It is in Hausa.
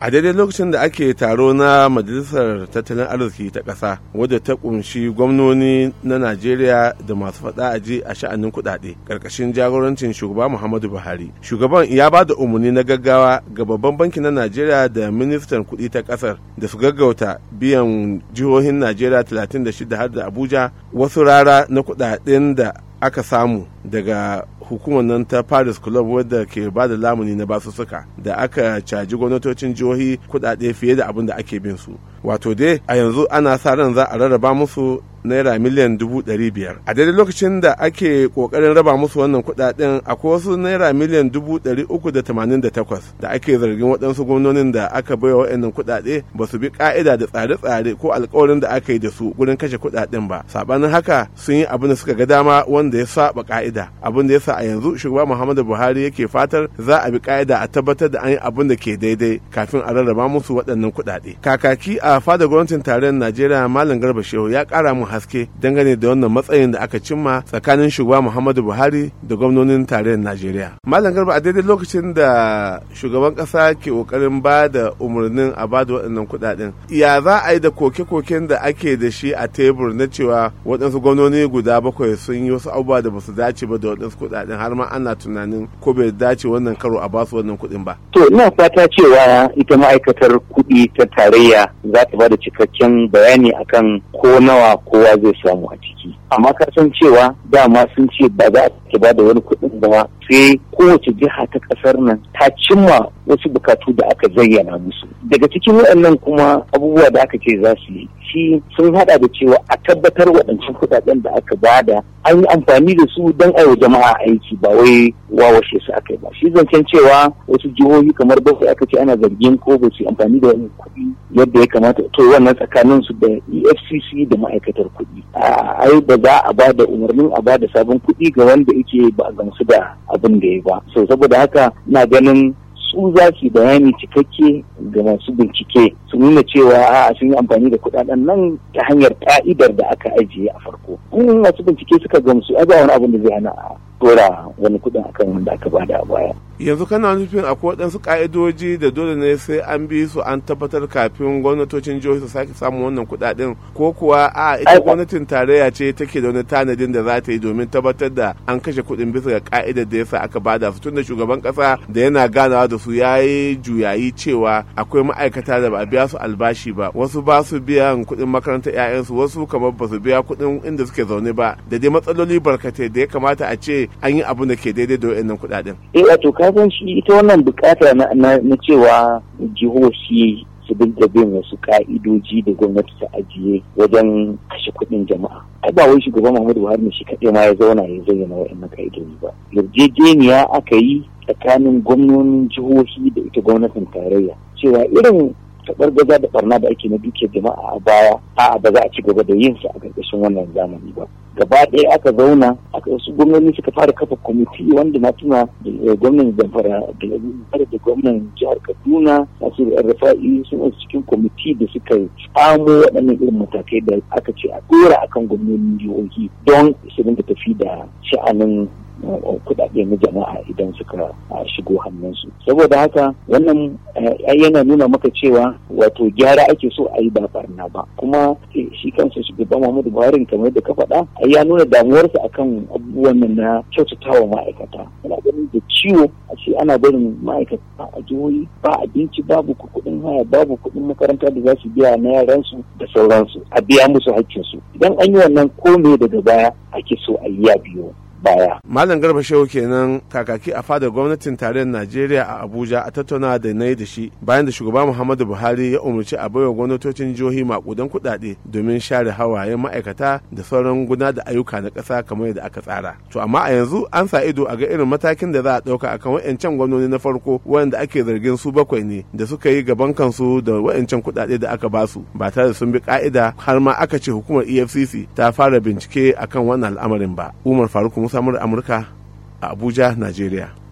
a daidai lokacin da ake taro na majalisar tattalin arziki ta ƙasa wadda ta ƙunshi gwamnoni na najeriya da masu faɗa a ji a sha'anin kuɗaɗe ƙarƙashin jagorancin shugaba muhammadu buhari shugaban ya ba da umarni na gaggawa ga babban banki na najeriya da ministan kuɗi ta ƙasar da su gaggauta biyan jihohin najeriya 36 har da abuja wasu rara na kuɗaɗen da aka samu daga hukumar nan ta paris club wadda ke ba da lamuni na basussuka da aka caji gwamnatocin jihohi kudade fiye da abin da ake bin su wato dai a yanzu ana sa ran za a rarraba musu naira miliyan dubu ɗari biyar a daidai lokacin da ake kokarin raba musu wannan kuɗaɗen akwai wasu naira miliyan dubu ɗari uku da tamanin da takwas da ake zargin waɗansu gwamnonin da aka bai wa waɗannan kuɗaɗe ba su bi ka'ida da tsare-tsare ko alkawarin da aka yi da su gurin kashe kuɗaɗen ba saɓanin haka sun yi abin da suka ga dama wanda ya saba ka'ida abin da ya sa a yanzu shugaba muhammadu buhari yake fatar za a bi ƙa'ida a tabbatar da an yi abin da ke daidai kafin a rarraba musu waɗannan kuɗaɗe kakaki a fada gwamnatin taron najeriya malam garba shehu ya ƙara mu haske dangane da wannan matsayin da aka cimma tsakanin shugaba Muhammadu Buhari da gwamnonin tarayyar Najeriya. Malam Garba a daidai lokacin da shugaban kasa ke kokarin ba da umarnin a ba da waɗannan kuɗaɗen. Ya za a yi da koke-koken da ake da shi a tebur na cewa waɗansu gwamnoni guda bakwai sun yi wasu abubuwa da ba su dace ba da waɗansu kuɗaɗen har ma ana tunanin ko bai dace wannan karo a ba su wannan kuɗin ba. To ina fata cewa ita ma'aikatar kuɗi ta tarayya za ta ba da cikakken bayani akan ko nawa ko kowa zai samu a ciki amma ka cewa dama sun ce ba za a ba da wani kuɗin ba sai kowace jiha ta kasar nan ta cimma wasu bukatu da aka zayyana musu daga cikin waɗannan kuma abubuwa da aka ce za su yi shi sun hada da cewa a tabbatar waɗancan kuɗaɗen da aka bada an yi amfani da su don a jama'a aiki ba wai wawashe su aka yi ba shi zancen cewa wasu jihohi kamar bakwai aka ce ana zargin ko ba su amfani da wani kuɗi yadda ya kamata to wannan tsakanin su da efcc da ma'aikatar kuɗi ai ba za a ba umarnin a bada sabon kuɗi ga wanda yake ba a gamsu da abin da ya ba so saboda haka na ganin su za su bayani cikakke ga masu bincike su nuna cewa a sun yi amfani da kudaden nan ta hanyar ka'idar da aka ajiye a farko in masu bincike suka gamsu a wani abin da zai hana a dora wani kudin akan wanda aka bada a baya yanzu kana nufin akwai waɗansu ƙa'idoji da dole ne sai an bi su an tabbatar kafin gwamnatocin jihohi su sake samun wannan kuɗaɗen ko kuwa a ita gwamnatin tarayya ce take da wani tanadin da za ta yi domin tabbatar da an kashe kuɗin bisa ga ƙa'idar da yasa aka bada su tunda shugaban ƙasa da yana ganawa da su ya yi juyayi cewa akwai ma'aikata da ba a biya su albashi ba wasu ba su biyan kuɗin makarantar 'ya'yansu wasu kamar ba su biya kuɗin inda suke zaune ba da dai matsaloli barkatai da ya kamata a ce an yi abu da ke daidai da wa'annan kuɗaɗen. Eh, kasan shi ita wannan bukata na cewa jihohi su dinga bin wasu ka'idoji da gwamnati ta ajiye wajen kashe kuɗin jama'a ai ba wai shugaban Muhammadu Buhari ne shi kaɗai ma ya zauna ya zayyana wa'annan ka'idoji ba yarjejeniya aka yi tsakanin gwamnonin jihohi da ita gwamnatin tarayya cewa irin tabar gaza da ɓarna da ake na dukiyar jama'a a baya a'a ba za a ci gaba da yin sa a ƙarƙashin wannan zamani ba gaba ɗaya aka zauna wasu gwamnati suka fara kafa kwamiti wanda na tuna eh, gwamnan zamfara da gwamnan jihar kaduna masu sun suna cikin kwamiti da suka tsamo waɗannan irin matakai da aka ce a ɗora akan gwamnonin jihohi don su dinga tafi da sha'anin kuɗaɗe na jama'a idan suka shigo hannunsu saboda haka wannan yana nuna maka cewa wato gyara ake so a yi ba barna ba kuma shi kansa shugaban Muhammadu Buhari kamar da ka faɗa ya nuna damuwarsa akan abubuwan nan na kyautatawa ma'aikata yana ganin da ciwo a ce ana barin ma'aikata a jihohi ba abinci babu kuɗin haya babu kuɗin makaranta da za su biya na yaransu da sauransu a biya musu haƙƙinsu idan an yi wannan kome daga baya ake so a yi ya biyo baya. Malam Garba Shehu kenan kakaki a fadar gwamnatin tarayyar Najeriya a Abuja a tattauna da na da shi bayan da shugaba Muhammadu Buhari ya umarci a baiwa gwamnatocin jihohi makudan kuɗaɗe domin share hawayen ma'aikata da sauran guna da ayyuka na ƙasa kamar yadda aka tsara. To amma a yanzu an sa ido a ga irin matakin da za a ɗauka akan wa'ancan gwamnoni na farko wanda ake zargin su bakwai ne da suka yi gaban kansu da wa'ancan kuɗaɗe da aka basu, ba tare da sun bi ka'ida har ma aka ce hukumar EFCC ta fara bincike akan wannan al'amarin ba. Umar Faruk musa amurka a abuja Nigeria.